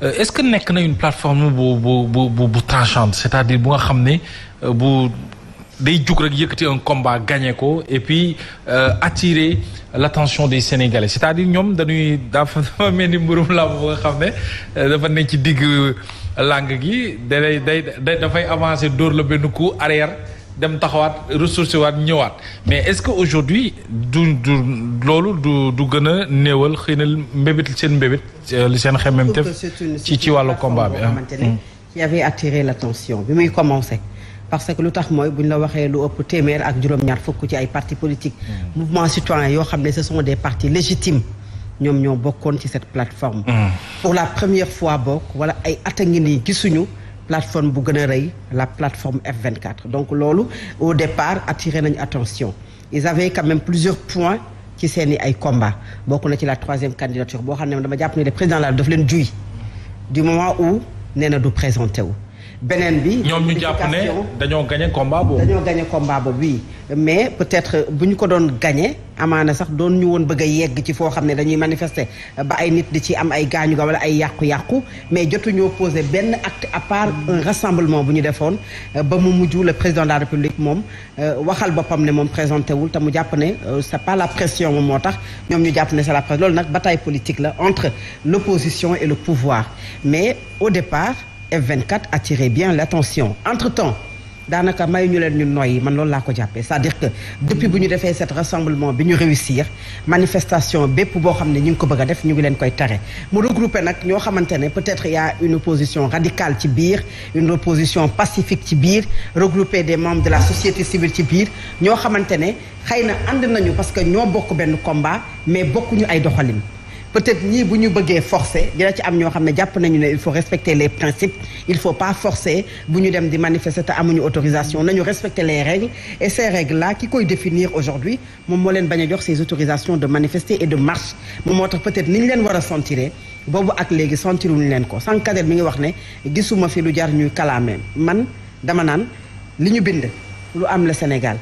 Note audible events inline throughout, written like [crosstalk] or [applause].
Euh, est-ce que nek na une plateforme bu bu bu bu tranchante c'est-à-dire bu nga xamné ne euh, bu day juk rek yëkkati un combat gagné ko et puis euh, attirer l'attention des Sénégalais c'est-à-dire ñom dañuy dafa dafa mel ni mburum làmb bu nga xamné dafa nekk ci digg langue gi day day fay avancer dóor le benn coup arrière dem taxawat avait mais est-ce que aujourd'hui du du du avait attiré l'attention bi commencé parce que lu tax la lu ëpp ak ñaar fukk ci ay parti politique mm. mouvement citoyen yoo xam ce sont des partis légitimes ñoom ñoo bokkoon ci cette plateforme mm. pour la première fois wala ay plateforme bu la plateforme F24 donc lolo au départ attiré notre attention ils avaient quand même plusieurs points qui s'étaient mis à combat Bon, on ci la troisième candidature Bon, on a dama jàpp le président la du moment où nous nous du présenté benen bi. ñom ñu japp ne dañoo gagné combat boobu. dañoo gagné combat boobu oui mais peut-être euh, buñ ko doon gagné amana sax doon ñu won bëgg yegg ci fo xamné dañuy manifester ba ay nit di ci am ay gañu ga wala ay yàqu-yàqu mais jotuñoo poser benn acte à part un rassemblement bu ñu defoon euh, ba mu mujj le président de la république mom euh, waxal bopam né mom présenté wul te mu japp né c'est pas la pression moom moo tax ñu japp né c'est la pression loolu nak bataille politique la entre l'opposition et le pouvoir mais au départ. F24 attirait bien l'attention entre-temps danaka may ñu leen ñu noy man loolu laa ko jàppee c'est-à-dire que depuis bu ñu cet rassemblement bi ñu réussir manifestation bépp boo xam ne ñu ngi ko bëgg a def ñu ngi leen koy tere mu regroupé peut-être y a une opposition radicale ci une opposition pacifique ci biir regroupé des membres de la société civile ci biir ñoo xamante ne xëy na ànd nañu parce que avons bokk de combat mais bokkuñu ay doxalin peut-être que nous nous forcer il faut respecter les principes il faut pas forcer les dem manifester amuñu autorisation respecter les règles et ces règles là qui koy définir aujourd'hui ces autorisations de manifester et de marche montre peut-être ni sentir ak ko nous wax gisuma fi man dama Nous am Sénégal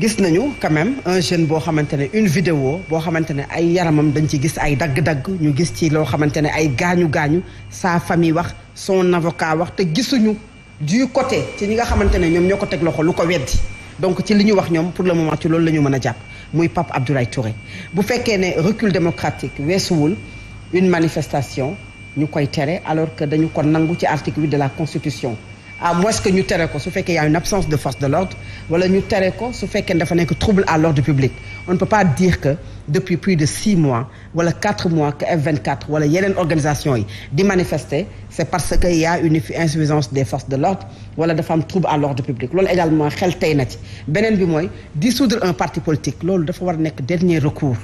gis nañu quand même un jeune boo xamante ne une vidéo boo xamante ne ay yaramam dañ ci gis ay dagg-dagg ñu gis ci loo xamante ne ay gaañu-gaañu sa famille wax son avocat wax te gisuñu du côté ci ñi nga xamante ne ñoom ñoo ko teg loxo lu ko weddi donc ci li ñu wax ñoom pour le moment ci loolu la ñu mën a jàpp muy Pape Abdoulaye Touré bu fekkee ne recul démocratique weesuwul une manifestation ñu koy tere alors que dañu ko nangu ci article 8 de la constitution à moins que nous ce ko qu'il y a une absence de force de l'ordre nous ñu ce fait qu'il y a troubles trouble à l'ordre public on ne peut pas dire que depuis plus de six mois wala quatre mois que F24 a une organisation qui manifeste, c'est parce qu'il y a une insuffisance des forces de l'ordre wala dafa am trouble à l'ordre public C'est également xel tey na dissoudre un parti politique il dafa war un dernier recours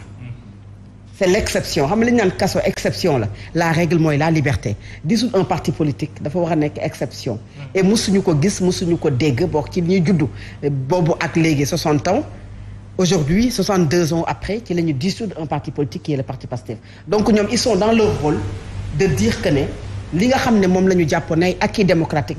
c'est l'exception xam exception la la règle moy la liberté dissoudre un parti politique dafa exception et musuñu ko gis musuñu ko ci 60 ans aujourd'hui 62 ans après qu'il ait dissoudre un parti politique qui est le parti Pastef donc nous ils sont dans leur rôle de dire que li nga démocratique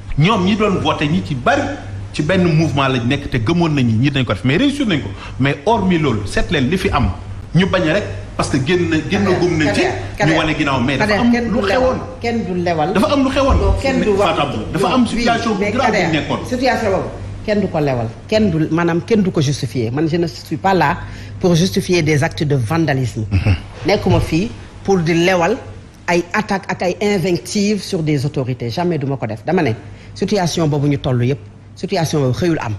ñom ñi doon voté ñi ci bari ci benn mouvement lañ nekk té gëmoon nañ ñi dañ ko def mais réussir nañ ko mais hormis lool seet leen li fi am ñu bañ rek parce que genn genn gum nañ ci ñu wone ginaaw mais dafa am lu xewoon kenn du lewal dafa am lu xewoon kenn du wax dafa am situation bu grave bu nekkoon situation boobu kenn du ko lewal kenn du manam kenn du ko justifier man je ne suis pas là pour justifier des actes de vandalisme mhm. nekkuma fi pour di lewal ay attaque ak ay invectives sur des autorités jamais duma ko def dama ne situation bobu ñu tollu yépp situation boobu xeyul am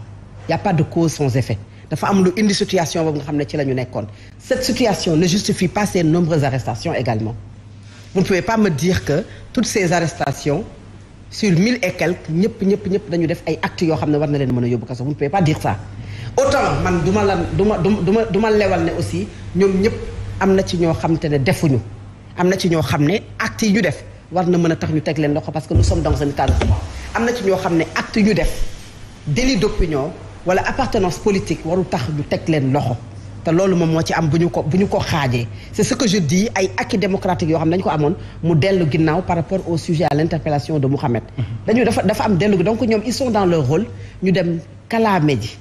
y' a pas de cause sans effet dafa am lu indi situation boobu nga xamné ci lañu ñu cette situation ne justifie pas ces nombreuses arrestations également vous ne pouvez pas me dire que toutes ces arrestations sur mille et quelques ñëpp ñëpp ñëpp dañu def ay actes yo xamné war na leen mëna yobbu yóbbu vous ne pouvez pas dire ça autant man duma la duma duma duma lewal né aussi ñom ñëpp amna ci ño xamné te defuñu amna ci ño xamné actes yi ñu def war na mën a tax ñu teg leen loxo parce que nous sommes dans un état de droit am na ci ñoo xam ne acte ñu def délit d'opinion wala appartenance politique warul tax ñu teg leen loxo te loolu moom moo ci am bu ñu ko bu ñu ko xaajee c'est ce que je dis ay acquis démocratique yoo xam ne ko amoon mu dellu ginnaaw par rapport au sujet à l'interpellation de Mohamed dañu dafa dafa am dellu donc ñoom ils sont dans leur rôle ñu dem kalaame ji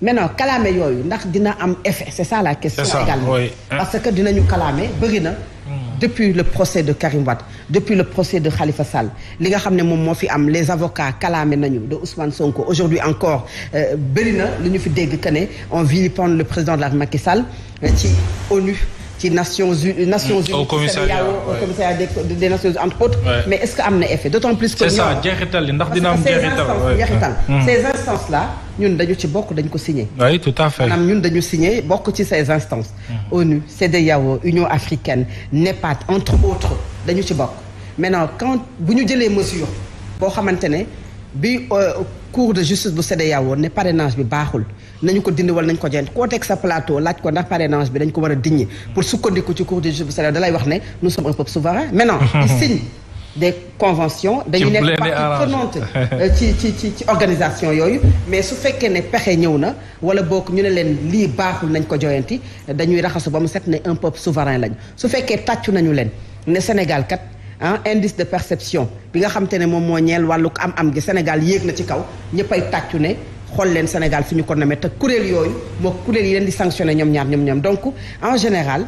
maintenant kalaame yooyu ndax dina am effet c'est ça la question également parce que dinañu kalaame bëri na depuis le procès de Karim Wade depuis le procès de Khalifa Sall li nga xamné mom les avocats Kala nañu de Ousmane Sonko aujourd'hui encore euh, bëri le lu ñu fi dégg que le président de la Macky Sall euh, ci ONU Nations Unies. au des Nations Unies entre autres. mais est-ce que effet d'autant plus que. c'est ça ces instances là nous, dañu ci oui tout à fait Nous, ñun signé ces instances. Hmm. ONU Union africaine e entre autres dañu ci maintenant quand vous nous les les pour pour maintenir, bi euh, cour de justice bu CEDEAO ne parrainage bi baxul nañu ko dindi wala nañu ko jent ko tek sa plateau laaj ko ndax parrainage bi dañ ko wara digni pour sukkandiku ci cour de justice bu CEDEAO da lay wax ne nous sommes un peuple souverain maintenant [laughs] il signe des conventions dañu nek partie prenante [laughs] euh, ci ci ci ci organisation yoyu mais su fekkee ne pexe ñëw wala bok ñu ne len li baxul nañ ko joyanti dañuy raxasu ba mu set ne un peuple souverain lañ su fekké tatchu nañu len ne Sénégal kat ah indice de perception bi nga xamante ne moom moo ñeel wàllu am-am gi Sénégal yéeg na ci kaw ñëppay tàccu ne xool leen Sénégal fi ñu ko namee te kuréel yooyu moo kuréel yi leen di sanctionné ñoom ñaar ñoom ñoom donc en général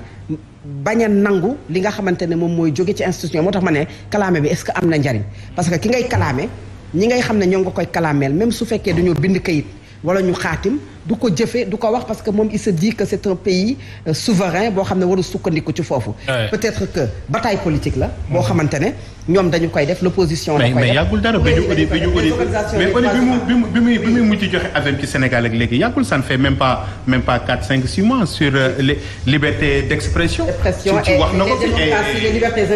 bañ a nangu li nga xamante ne moom mooy jóge ci institution moo tax ma ne kalaame bi est-ce que am na njariñ parce que ki ngay kalaame ñi ngay xam ne ñoo nga koy kalaameel même su fekkee dañoo bind kayit wala ñu xaatim du ko jëfé du ko wax parce que mom il se dit que c'est un pays euh, souverain bo xamné waru sukkandiku ci fofu peut-être que bataille politique la bo xamante ñom dañu koy def l'opposition la koy mais yagul dara ba ñu audit ba ñu audit mais audit bi mu bi muy bi muy mujj joxe avec ci Sénégal ak légui yagul ça ne fait même pas même pas 4 5 6 mois sur euh, les libertés d'expression ci wax na ko fi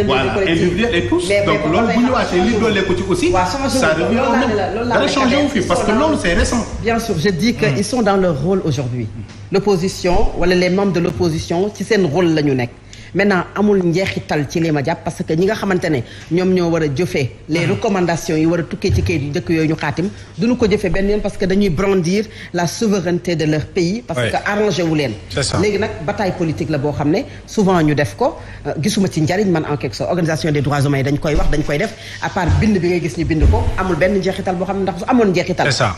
voilà individuelle et tous donc loolu bu ñu waatee li doolee ko ci aussi ça revient au même dara changé wu fi parce que loolu c'est récent bien sûr je dis que hmm. ils sont dans leur rôle aujourd'hui l'opposition wala les membres de l'opposition ci un rôle là, ñu maintenant amul njexital ci lima japp parce que ñi nga xamantene ñom ñoo wara jëfé les recommandations yi wara a ci kayit yi dëkk yoyu ñu xatim duñu ko jëfé benn parce que dañuy brandir la souveraineté de leur pays parce que arrangé wu len légui nak bataille politique la bo xamné souvent ñu def ko euh, gisuma ci njariñ man en quelque sorte organisation des droits humains yi dañ koy wax dañ koy def à part bind bi ngay gis ñu bind ko amul benn njexital bo xamné ndax su amoon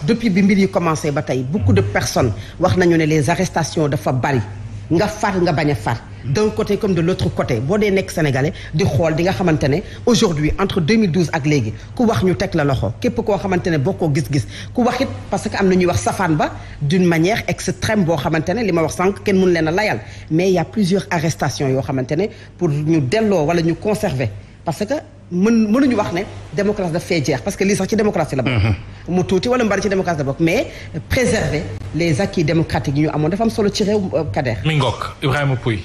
depuis bi mbir yi commencé bataille, beaucoup de personnes wax nañu né les arrêts arrestation dafa bari nga far nga far d'un côté comme de l'autre côté boo dee nekk sénégalais di xol, di nga aujourd'hui entre 2012 ak légui, ku wax ñu teg la loxo képp ko xamante boko gis-gis ku wax it parce que amna ñu wax ba d'une manière extrême bo xamante lima les wax sank ken mun layal mais il y a plusieurs arrestations yo xamante pour ñu delloo wala ñu conserver parce que mënu ñu wax né démocratie da parce que les sax ci démocratie la mu tuuti wala mu bari ci démocratie la bokk mais préserver les acquis démocratiques yi ñu amoon dafa am solo ci réew cadre. Euh, mi ngook Ibrahima Pouy.